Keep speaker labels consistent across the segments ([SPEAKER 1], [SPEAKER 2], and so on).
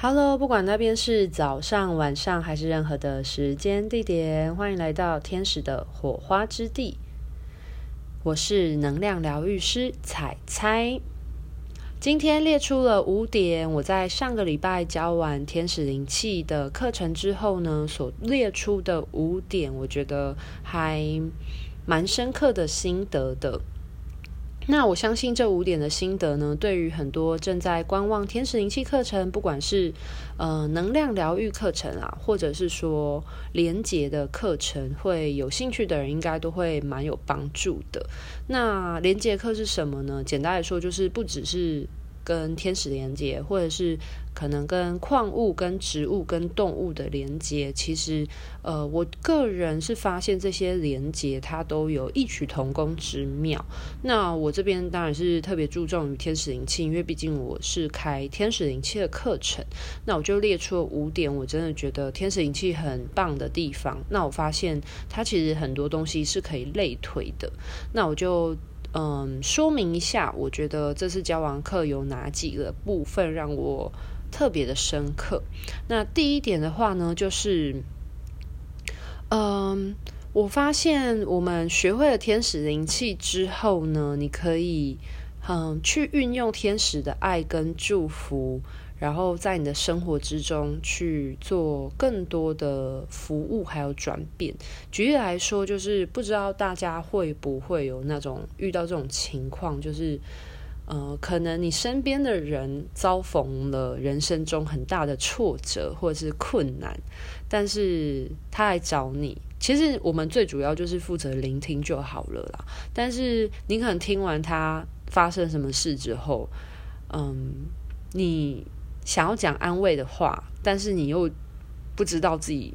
[SPEAKER 1] 哈嘍，Hello, 不管那邊是早上、晚上還是任何的時間地點，歡迎來到天使的火花之地。我是能量療癒師采采。今天列出了五點，我在上個禮拜教完天使靈氣的課程之後呢，所列出的五點，我覺得還蠻深刻的心得的。那我相信這五點的心得呢，對於很多正在觀望天使靈氣課程，不管是呃能量療癒課程啊，或者是說連結的課程，會有興趣的人應該都會蠻有幫助的。那連結課是什麼呢？簡單來說，就是不只是跟天使連接，或者是。可能跟礦物、跟植物、跟動物的連接，其實，呃，我個人是發現這些連接它都有異曲同工之妙。那我這邊當然是特別注重於天使靈氣，因為畢竟我是開天使靈氣的課程，那我就列出了五點，我真的覺得天使靈氣很棒的地方。那我發現它其實很多東西是可以類推的，那我就嗯說明一下，我覺得這次教完課有哪幾個部分讓我。特別的深刻。那第一點的話呢，就是，嗯，我發現我們學會了天使靈氣之後呢，你可以，嗯，去運用天使的愛跟祝福，然後在你的生活之中去做更多的服務還有轉變。舉例來說，就是不知道大家會不會有那種遇到這種情況，就是。呃，可能你身邊的人遭逢了人生中很大的挫折或者是困難，但是他來找你，其實我們最主要就是負責聆聽就好了啦。但是你可能聽完他發生什麼事之後，嗯，你想要講安慰的話，但是你又不知道自己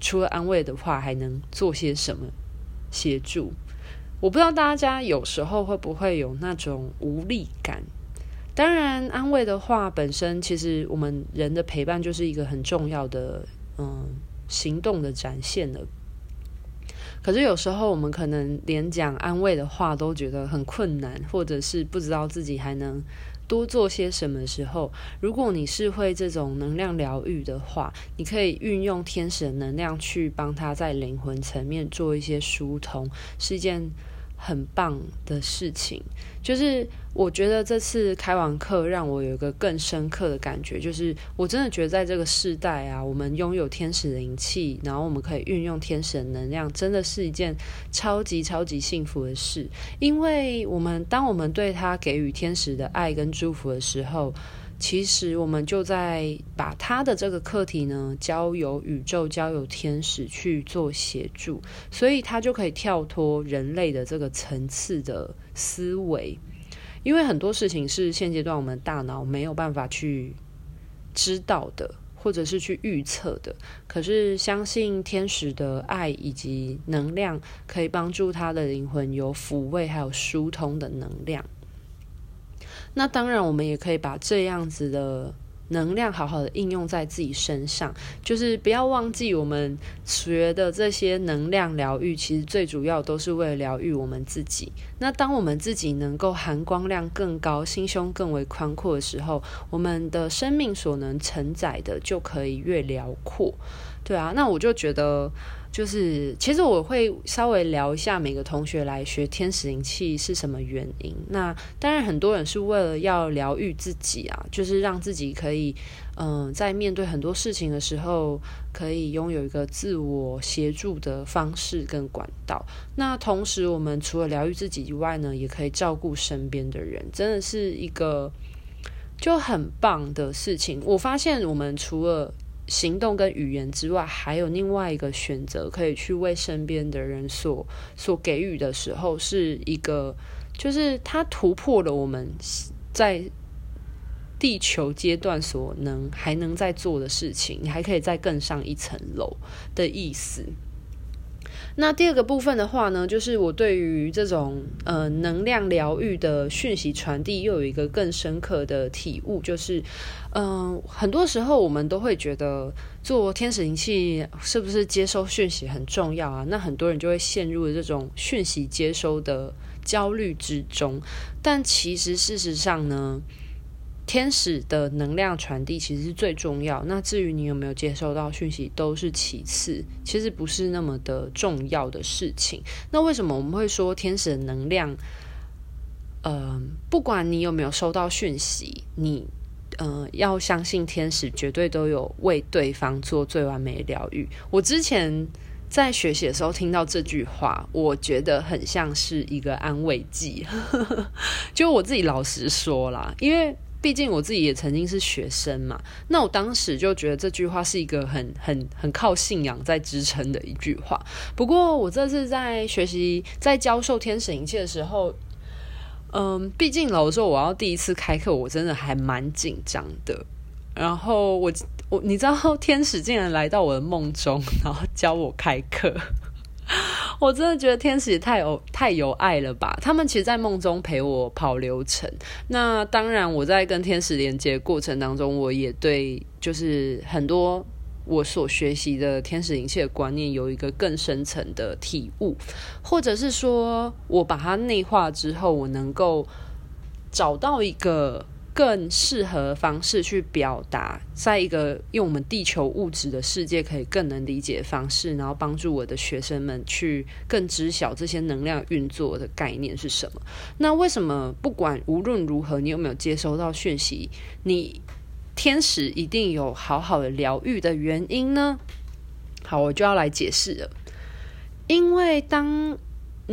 [SPEAKER 1] 除了安慰的話還能做些什麼協助。我不知道大家有時候會不會有那種無力感？當然，安慰的話本身其實我們人的陪伴就是一個很重要的，嗯，行動的展現的。可是有時候我們可能連講安慰的話都覺得很困難，或者是不知道自己還能多做些什麼時候，如果你是會這種能量療癒的話，你可以運用天使的能量去幫他在靈魂層面做一些疏通，是一件。很棒的事情，就是我覺得這次開完課讓我有一個更深刻的感覺，就是我真的覺得在這個世代啊，我們擁有天使的靈氣，然後我們可以運用天使的能量，真的是一件超級超級幸福的事，因為我們當我們對他給予天使的愛跟祝福的時候。其實我們就在把他的這個課題呢，交由宇宙、交由天使去做協助，所以他就可以跳脫人類的這個層次的思維，因為很多事情是現階段我們大腦沒有辦法去知道的，或者是去預測的。可是相信天使的愛以及能量，可以幫助他的靈魂有撫慰還有疏通的能量。那當然，我們也可以把這樣子的能量好好的應用在自己身上，就是不要忘記我們學的這些能量療癒，其實最主要都是為了療癒我們自己。那當我們自己能夠含光量更高、心胸更為寬闊的時候，我們的生命所能承載的就可以越遼闊。對啊，那我就覺得。就是，其實我會稍微聊一下每個同學來學天使靈氣是什麼原因。那當然，很多人是為了要療癒自己啊，就是讓自己可以，嗯、呃，在面對很多事情的時候，可以擁有一個自我協助的方式跟管道。那同時，我們除了療癒自己以外呢，也可以照顧身邊的人，真的是一個就很棒的事情。我發現我們除了行動跟語言之外，還有另外一個選擇，可以去為身邊的人所所給予的時候，是一個，就是他突破了我們在地球階段所能還能再做的事情，你還可以再更上一層樓的意思。那第二個部分的話呢，就是我對於這種呃能量療癒的訊息傳遞又有一個更深刻的體悟，就是嗯、呃，很多時候我們都會覺得做天使靈氣是不是接收訊息很重要啊？那很多人就會陷入這種訊息接收的焦慮之中，但其實事實上呢。天使的能量傳遞其實是最重要。那至於你有沒有接收到訊息，都是其次，其實不是那麼的重要的事情。那為什麼我們會說天使的能量？嗯、呃，不管你有沒有收到訊息，你嗯、呃，要相信天使絕對都有為對方做最完美的療癒。我之前在學習的時候聽到這句話，我覺得很像是一個安慰劑。 就我自己老實說啦，因為。畢竟我自己也曾經是學生嘛，那我當時就覺得這句話是一個很很很靠信仰在支撐的一句話。不過我這次在學習在教授天使靈氣的時候，嗯，畢竟老實說我要第一次開課，我真的還蠻緊張的。然後我我你知道天使竟然來到我的夢中，然後教我開課。我真的覺得天使太有太有愛了吧？他們其實，在夢中陪我跑流程。那當然，我在跟天使連接過程當中，我也對就是很多我所學習的天使靈氣的觀念有一個更深層的體悟，或者是說我把它內化之後，我能夠找到一個。更適合方式去表達，在一個用我們地球物質的世界可以更能理解的方式，然後幫助我的學生們去更知曉這些能量運作的概念是什麼。那為什麼不管無論如何，你有沒有接收到訊息，你天使一定有好好的療癒的原因呢？好，我就要來解釋了，因為當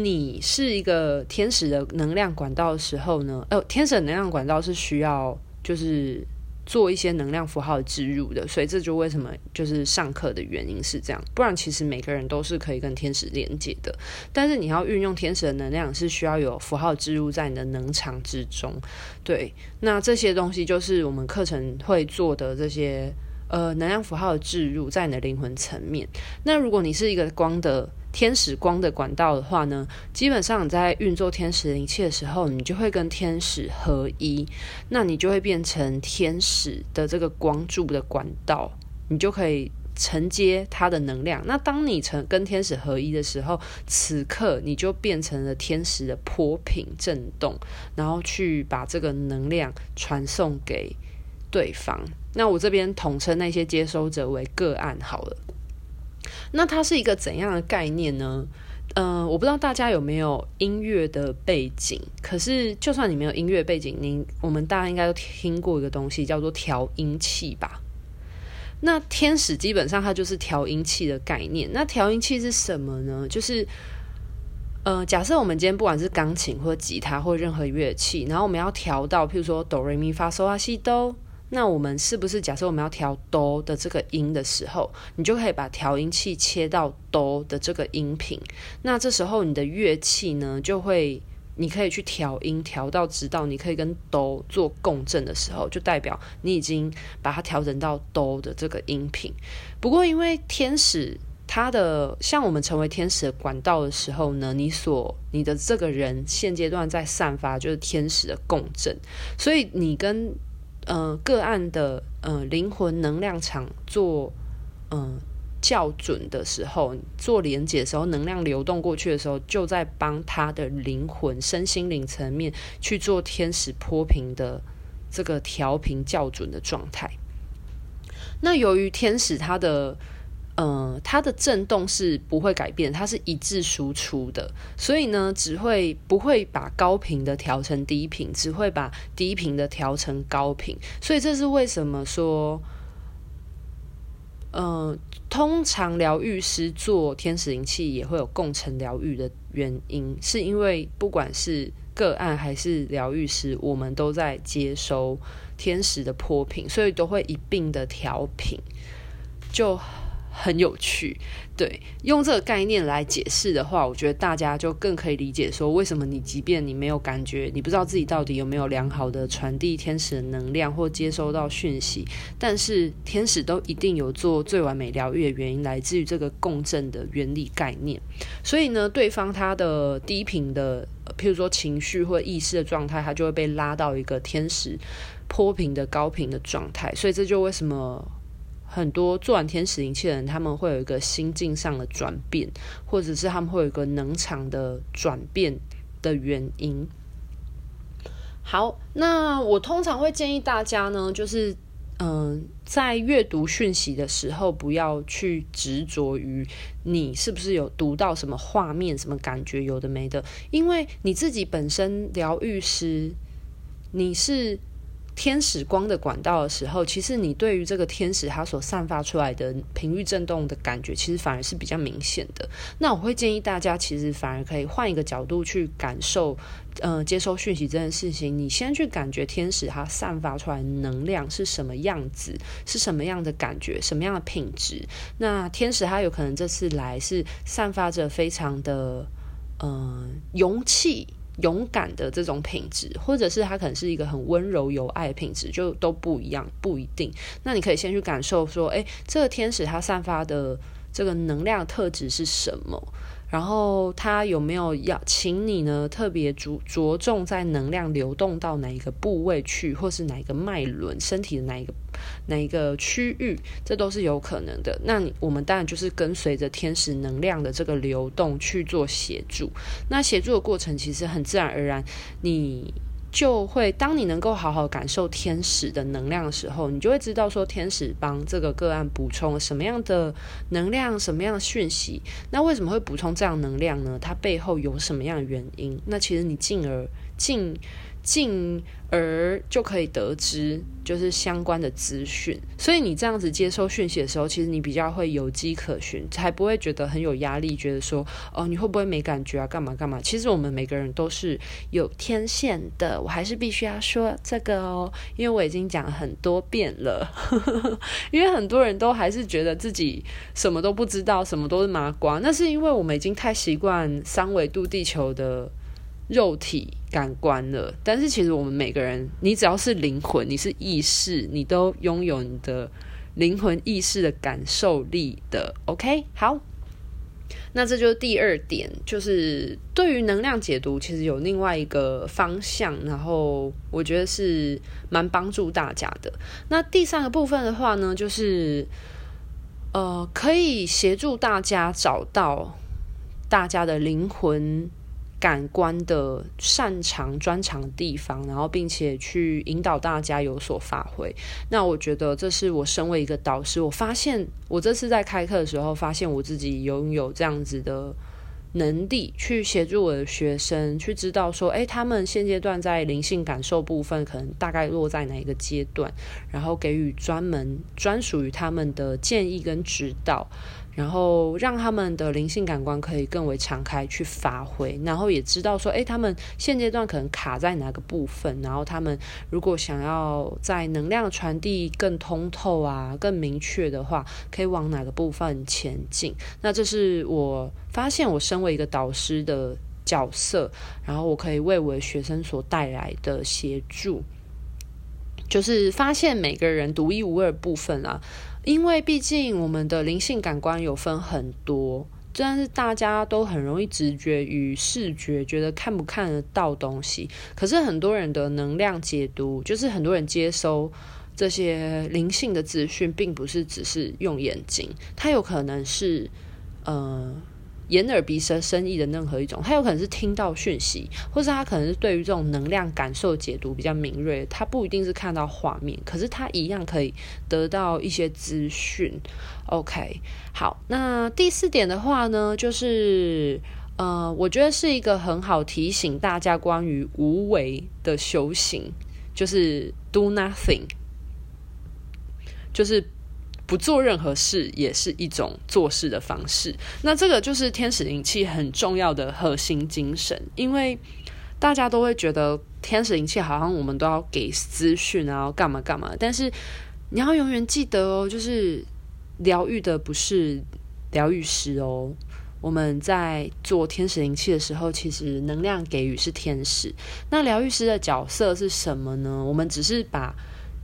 [SPEAKER 1] 你是一個天使的能量管道的時候呢，呃，天使的能量管道是需要就是做一些能量符號植入的，所以這就為什麼就是上課的原因是這樣。不然其實每個人都是可以跟天使連接的，但是你要運用天使的能量是需要有符號植入在你的能場之中。對，那這些東西就是我們課程會做的這些呃能量符號的植入在你的靈魂層面。那如果你是一個光的。天使光的管道的話呢，基本上你在運作天使靈氣的時候，你就會跟天使合一，那你就會變成天使的這個光柱的管道，你就可以承接它的能量。那當你成跟天使合一的時候，此刻你就變成了天使的波頻震動，然後去把這個能量傳送給對方。那我這邊統稱那些接收者為個案好了。那它是一個怎樣的概念呢？呃，我不知道大家有沒有音樂的背景，可是就算你沒有音樂背景，你我們大家應該都聽過一個東西，叫做調音器吧？那天使基本上它就是調音器的概念。那調音器是什麼呢？就是，呃，假設我們今天不管是鋼琴或吉他或任何樂器，然後我們要調到，譬如說哆來咪發唆拉西哆。那我們是不是假設我們要調哆的這個音的時候，你就可以把調音器切到哆的這個音頻？那這時候你的樂器呢，就會你可以去調音，調到直到你可以跟哆做共振的時候，就代表你已經把它調整到哆的這個音頻。不過因為天使，它的像我們成為天使的管道的時候呢，你所你的這個人現階段在散發就是天使的共振，所以你跟呃，個案的呃靈魂能量場做嗯、呃、校準的時候，做連接的時候，能量流動過去的時候，就在幫他的靈魂、身心靈層面去做天使波平的這個調頻校準的狀態。那由於天使他的。嗯、呃，它的震動是不會改變，它是一致輸出的，所以呢，只會不會把高頻的調成低頻，只會把低頻的調成高頻，所以這是為什麼說，嗯、呃，通常療癒師做天使靈氣也會有共成療癒的原因，是因為不管是個案還是療癒師，我們都在接收天使的波頻，所以都會一併的調頻，就。很有趣，對，用這個概念來解釋的話，我覺得大家就更可以理解說，為什麼你即便你沒有感覺，你不知道自己到底有沒有良好的傳遞天使的能量或接收到訊息，但是天使都一定有做最完美療癒的原因，來自於這個共振的原理概念。所以呢，對方他的低頻的、呃，譬如說情緒或意識的狀態，他就會被拉到一個天使波頻的高頻的狀態。所以這就為什麼。很多做完天使靈氣的人，他們會有一個心境上的轉變，或者是他們會有一個能場的轉變的原因。好，那我通常會建議大家呢，就是嗯、呃，在閱讀訊息的時候，不要去執着於你是不是有讀到什麼畫面、什麼感覺，有的沒的，因為你自己本身療癒師，你是。天使光的管道的時候，其實你對於這個天使它所散發出來的頻率震動的感覺，其實反而是比較明顯的。那我會建議大家，其實反而可以換一個角度去感受，嗯、呃，接收訊息這件事情。你先去感覺天使它散發出來的能量是什麼樣子，是什麼樣的感覺，什麼樣的品質。那天使它有可能這次來是散發着非常的，嗯、呃，勇氣。勇敢的這種品質，或者是他可能是一個很溫柔有愛的品質，就都不一樣，不一定。那你可以先去感受說，哎，這個天使它散發的這個能量特質是什麼？然後他有沒有要請你呢？特別着着重在能量流動到哪一個部位去，或是哪一個脈輪、身體的哪一個哪一個區域，這都是有可能的。那你我們當然就是跟隨着天使能量的這個流動去做協助。那協助的過程其實很自然而然，你。就會，當你能夠好好感受天使的能量的時候，你就會知道說天使幫這個個案補充了什麼樣的能量，什麼樣的訊息。那為什麼會補充這樣的能量呢？它背後有什麼樣的原因？那其實你進而進。進而就可以得知就是相關的資訊，所以你這樣子接收訊息的時候，其實你比較會有跡可循，才不會覺得很有壓力，覺得說哦，你會不會沒感覺啊？幹嘛幹嘛？其實我們每個人都是有天線的，我還是必須要說這個哦，因為我已經講了很多遍了， 因為很多人都還是覺得自己什麼都不知道，什麼都是麻瓜，那是因為我們已經太習慣三維度地球的。肉體感官了，但是其實我們每個人，你只要是靈魂，你是意識，你都擁有你的靈魂意識的感受力的。OK，好，那這就是第二點，就是對於能量解讀，其實有另外一個方向，然後我覺得是蠻幫助大家的。那第三個部分的話呢，就是呃，可以協助大家找到大家的靈魂。感官的擅長專長的地方，然後並且去引導大家有所發揮。那我覺得，這是我身為一個導師，我發現我這次在開課的時候，發現我自己擁有這樣子的能力，去協助我的學生，去知道說，誒，他們現階段在靈性感受部分，可能大概落在哪一個階段，然後給予專門專屬於他們的建議跟指導。然後讓他們的靈性感官可以更為敞開去發揮，然後也知道說，誒，他們現階段可能卡在哪個部分，然後他們如果想要在能量傳遞更通透啊、更明確的話，可以往哪個部分前進？那這是我發現，我身為一個導師的角色，然後我可以為我的學生所帶來的協助，就是發現每個人獨一無二部分啊。因為畢竟我們的靈性感官有分很多，雖然是大家都很容易直覺與視覺覺得看不看得到東西，可是很多人的能量解讀，就是很多人接收這些靈性的資訊，並不是只是用眼睛，它有可能是，嗯、呃。眼耳鼻舌身意的任何一種，他有可能是聽到訊息，或是他可能是對於這種能量感受解讀比較敏銳，他不一定是看到畫面，可是他一樣可以得到一些資訊。OK，好，那第四點的話呢，就是呃，我覺得是一個很好提醒大家關於無為的修行，就是 do nothing，就是。不做任何事也是一種做事的方式。那這個就是天使靈氣很重要的核心精神，因為大家都會覺得天使靈氣好像我們都要給資訊，然後幹嘛幹嘛。但是你要永遠記得哦，就是療癒的不是療癒師哦。我們在做天使靈氣的時候，其實能量給予是天使。那療癒師的角色是什麼呢？我們只是把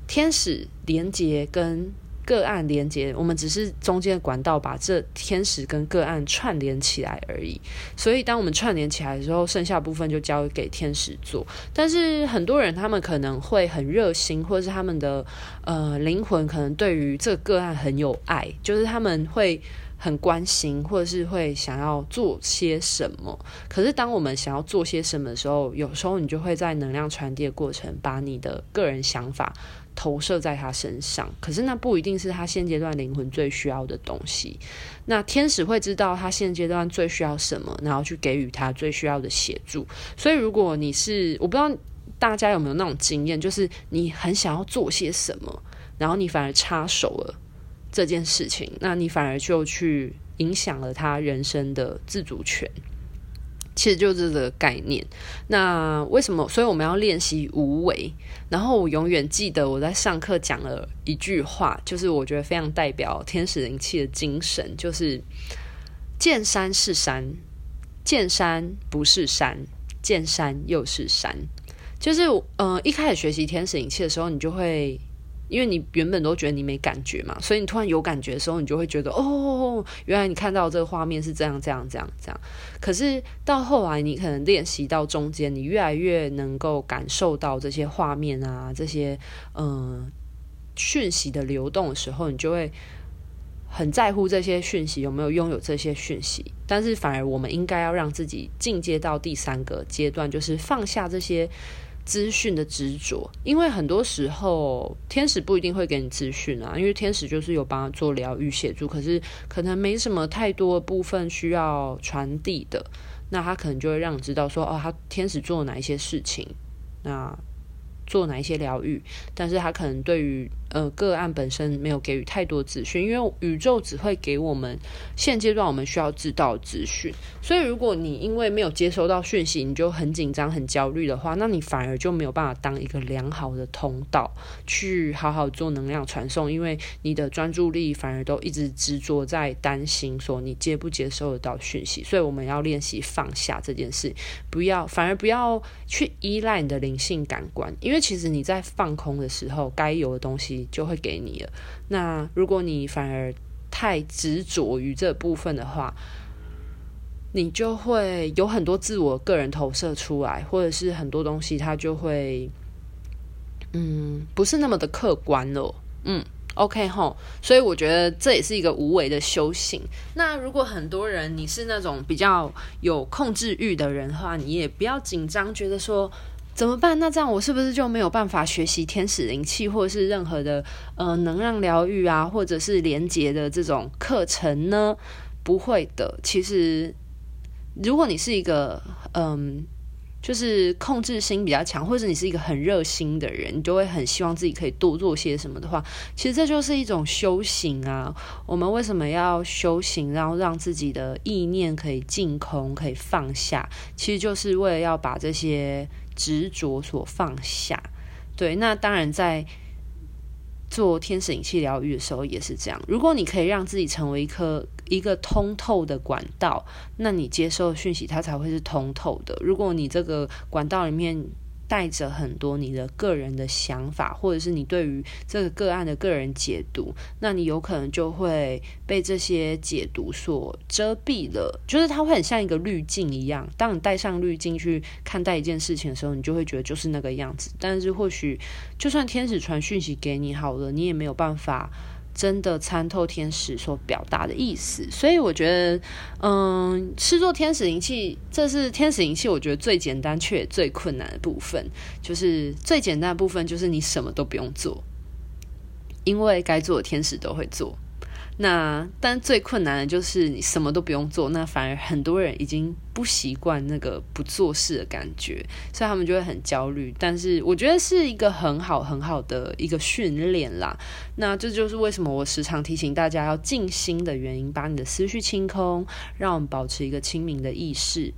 [SPEAKER 1] 天使連接跟。個案連結，我們只是中間的管道，把這天使跟個案串聯起來而已。所以，當我們串聯起來的時候，剩下部分就交給天使做。但是，很多人他們可能會很熱心，或者是他們的呃靈魂可能對於這個個案很有愛，就是他們會很關心，或者是會想要做些什麼。可是，當我們想要做些什麼的時候，有時候你就會在能量傳遞的過程，把你的個人想法。投射在他身上，可是那不一定是他現階段靈魂最需要的東西。那天使會知道他現階段最需要什麼，然後去給予他最需要的協助。所以如果你是，我不知道大家有沒有那種經驗，就是你很想要做些什麼，然後你反而插手了這件事情，那你反而就去影響了他人生的自主權。其實就是這個概念，那為什麼？所以我們要練習無為。然後我永遠記得我在上課講了一句話，就是我覺得非常代表天使靈氣的精神，就是見山是山，見山不是山，見山又是山。就是，嗯、呃，一開始學習天使靈氣的時候，你就會，因為你原本都覺得你沒感覺嘛，所以你突然有感覺的時候，你就會覺得哦。原來你看到這個畫面是這樣、這樣、這樣、這樣，可是到後來你可能練習到中間，你越來越能夠感受到這些畫面啊，這些嗯、呃、訊息的流動的時候，你就會很在乎這些訊息有沒有擁有這些訊息，但是反而我們應該要讓自己進階到第三個階段，就是放下這些。資訊的執着，因為很多時候天使不一定會給你資訊啊，因為天使就是有幫他做療癒協助，可是可能沒什麼太多部分需要傳遞的，那他可能就會讓你知道說，哦，他天使做了哪一些事情，那做哪一些療癒，但是他可能對於。呃，個案本身沒有給予太多資訊，因為宇宙只會給我們現階段我們需要知道的資訊。所以，如果你因為沒有接收到訊息，你就很緊張、很焦慮的話，那你反而就沒有辦法當一個良好的通道去好好做能量傳送，因為你的專注力反而都一直執着在擔心說你接不接受得到訊息。所以，我們要練習放下這件事，不要反而不要去依賴你的靈性感官，因為其實你在放空的時候，該有的東西。就會給你了。那如果你反而太執着於這部分的話，你就會有很多自我個人投射出來，或者是很多東西它就會，嗯，不是那麼的客觀了。嗯，OK 吼。所以我覺得這也是一個無為的修行。那如果很多人你是那種比較有控制欲的人的話，你也不要緊張，覺得說。怎麼辦？那這樣我是不是就沒有辦法學習天使靈氣，或者是任何的呃能量療癒啊，或者是連接的這種課程呢？不會的，其實如果你是一個嗯。就是控制心比較強，或者你是一個很熱心的人，你就會很希望自己可以多做些什麼的話，其實這就是一種修行啊。我們為什麼要修行，然後讓自己的意念可以淨空、可以放下，其實就是為了要把這些執着所放下。對，那當然在做天使靈氣療癒的時候也是這樣。如果你可以讓自己成為一顆。一個通透的管道，那你接收訊息，它才會是通透的。如果你這個管道裡面帶着很多你的個人的想法，或者是你對於這個個案的個人解讀，那你有可能就會被這些解讀所遮蔽了。就是它會很像一個濾鏡一樣，當你戴上濾鏡去看待一件事情的時候，你就會覺得就是那個樣子。但是或許，就算天使傳訊息給你好了，你也沒有辦法。真的參透天使所表達的意思，所以我覺得，嗯，是做天使靈氣，這是天使靈氣我覺得最簡單卻最困難的部分，就是最簡單的部分就是你什麼都不用做，因為該做的天使都會做。那，但最困難的就是你什麼都不用做，那反而很多人已經不習慣那個不做事的感覺，所以他們就會很焦慮。但是我覺得是一個很好很好的一個訓練啦。那這就是為什麼我時常提醒大家要靜心的原因，把你的思緒清空，讓我們保持一個清明的意識。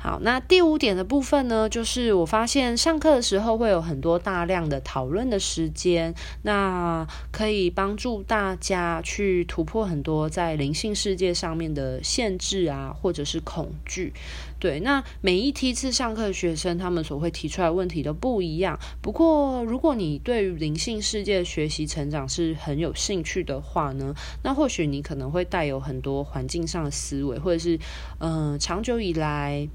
[SPEAKER 1] 好，那第五點的部分呢，就是我發現上課的時候會有很多大量的討論的時間，那可以幫助大家去突破很多在靈性世界上面的限制啊，或者是恐懼。對，那每一梯次上課的學生他們所會提出來問題都不一樣。不過，如果你對於靈性世界學習成長是很有興趣的話呢，那或許你可能會帶有很多環境上的思維，或者是嗯、呃，長久以來。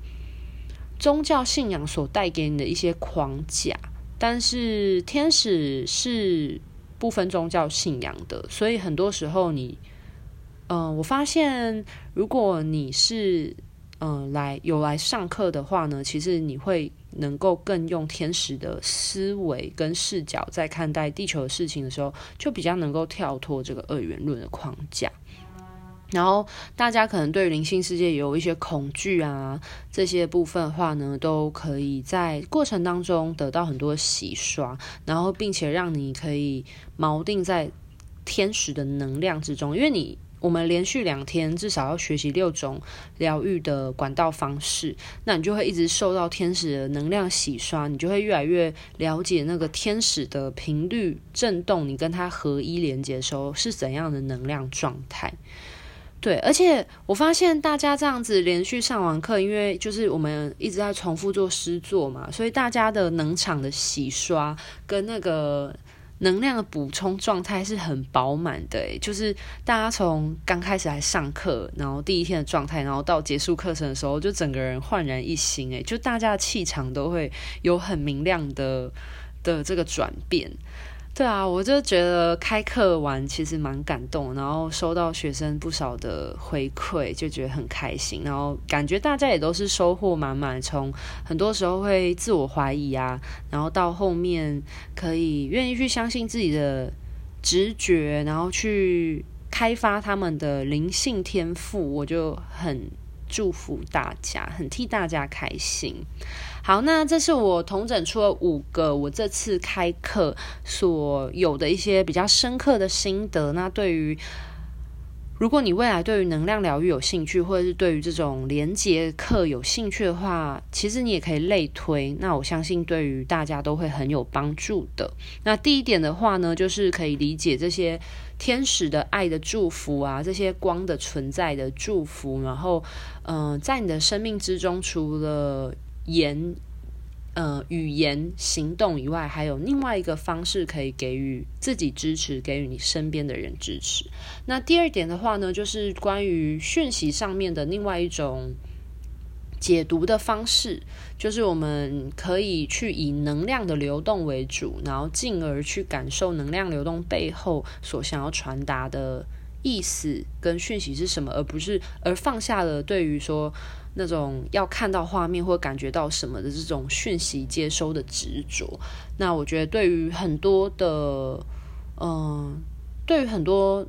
[SPEAKER 1] 宗教信仰所帶給你的一些框架，但是天使是不分宗教信仰的，所以很多時候你，嗯、呃，我發現如果你是嗯、呃、來有來上課的話呢，其實你會能夠更用天使的思維跟視角在看待地球的事情的時候，就比較能夠跳脫這個二元論的框架。然後大家可能對於靈性世界有一些恐懼啊，這些部分的話呢，都可以在過程當中得到很多洗刷，然後並且讓你可以錨定在天使的能量之中，因為你我們連續兩天至少要學習六種療癒的管道方式，那你就會一直受到天使的能量洗刷，你就會越來越了解那個天使的頻率震動，你跟它合一連接的時候是怎樣的能量狀態。對，而且我發現大家這樣子連續上完課，因為就是我們一直在重複做實作嘛，所以大家的能場的洗刷跟那個能量的補充狀態是很飽滿的。就是大家從剛開始來上課，然後第一天的狀態，然後到結束課程的時候，就整個人煥然一新。誒，就大家的氣場都會有很明亮的的這個轉變。對啊，我就覺得開課完其實蠻感動，然後收到學生不少的回饋，就覺得很開心。然後感覺大家也都是收穫滿滿，從很多時候會自我懷疑啊，然後到後面可以願意去相信自己的直覺，然後去開發他們的靈性天賦，我就很。祝福大家，很替大家開心。好，那這是我統整出了五個，我這次開課所有的一些比較深刻的心得。那對於如果你未來對於能量療癒有興趣，或者是對於這種連結課有興趣的話，其實你也可以類推。那我相信對於大家都會很有幫助的。那第一點的話呢，就是可以理解這些天使的愛的祝福啊，這些光的存在的祝福。然後，嗯、呃，在你的生命之中，除了言呃，語言、行動以外，還有另外一個方式可以給予自己支持，給予你身邊的人支持。那第二點的話呢，就是關於訊息上面的另外一種解讀的方式，就是我們可以去以能量的流動為主，然後進而去感受能量流動背後所想要傳達的意思跟訊息是什麼，而不是而放下了對於說，那種要看到畫面或感覺到什麼的這種訊息接收的執着，那我覺得對於很多的，嗯，對於很多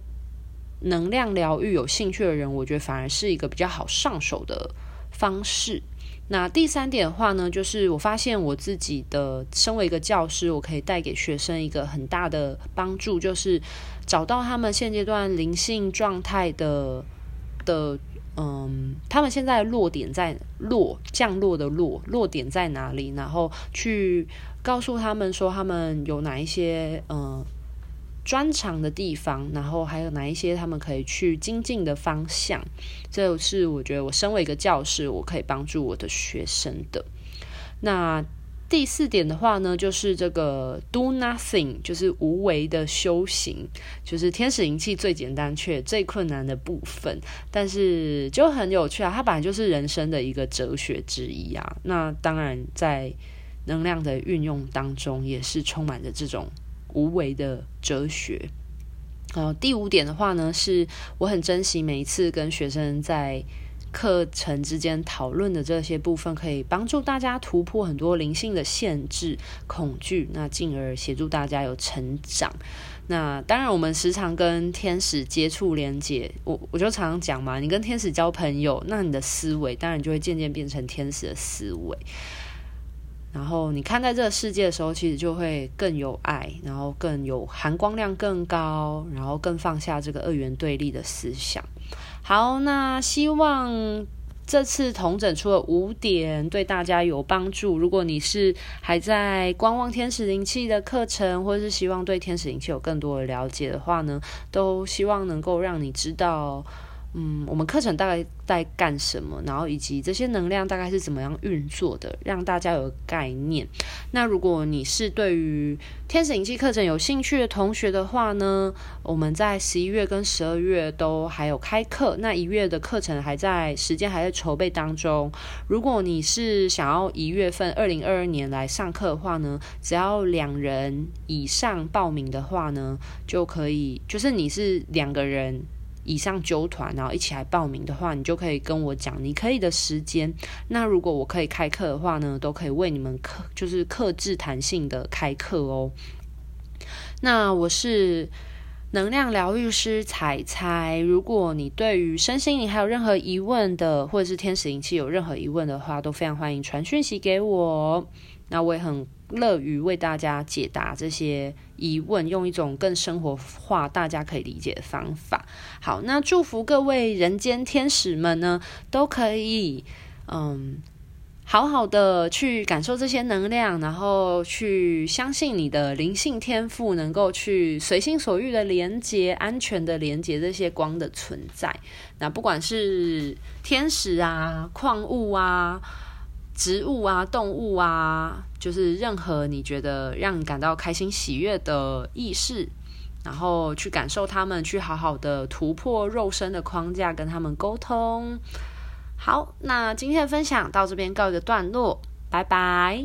[SPEAKER 1] 能量療癒有興趣的人，我覺得反而是一個比較好上手的方式。那第三點的話呢，就是我發現我自己的，身為一個教師，我可以帶給學生一個很大的幫助，就是找到他們現階段靈性狀態的，的。嗯，他們現在落點在落降落的落落點在哪裡？然後去告訴他們說，他們有哪一些嗯專長的地方，然後還有哪一些他們可以去精進的方向。這是我覺得我身為一個教師，我可以幫助我的學生的那。第四點的話呢，就是這個 do nothing，就是無為的修行，就是天使靈氣最簡單卻最困難的部分，但是就很有趣啊。它本來就是人生的一個哲學之一啊。那當然，在能量的運用當中，也是充滿着這種無為的哲學。好，第五點的話呢，是我很珍惜每一次跟學生在。課程之間討論的這些部分，可以幫助大家突破很多靈性的限制、恐懼，那進而協助大家有成長。那當然，我們時常跟天使接觸、連接，我我就常常講嘛，你跟天使交朋友，那你的思維當然就會漸漸變成天使的思維，然後你看待這個世界的時候，其實就會更有愛，然後更有含光量更高，然後更放下這個二元對立的思想。好，那希望這次統整出了五點，對大家有幫助。如果你是還在觀望天使靈氣的課程，或者是希望對天使靈氣有更多的了解的話呢，都希望能夠讓你知道。嗯，我們課程大概在幹什麼，然後以及這些能量大概是怎麼樣運作的，讓大家有概念。那如果你是對於天使靈氣課程有興趣的同學的話呢，我們在十一月跟十二月都還有開課，那一月的課程還在，時間還在籌備當中。如果你是想要一月份二零二二年來上課的話呢，只要兩人以上報名的話呢，就可以，就是你是兩個人。以上揪團，然後一起來報名的話，你就可以跟我講你可以的時間。那如果我可以開課的話呢，都可以為你們客，就是客製彈性的開課哦。那我是能量療癒師采采。如果你對於身心靈還有任何疑問的，或者是天使靈氣有任何疑問的話，都非常歡迎傳訊息給我。那我也很。樂於為大家解答這些疑問，用一種更生活化、大家可以理解的方法。好，那祝福各位人間天使們呢，都可以嗯，好好的去感受這些能量，然後去相信你的靈性天賦，能夠去隨心所欲的連接、安全的連接這些光的存在。那不管是天使啊、礦物啊、植物啊、動物啊。就是任何你覺得讓你感到開心喜悅的意識，然後去感受他們，去好好的突破肉身的框架，跟他們溝通。好，那今天的分享到這邊告一個段落，拜拜。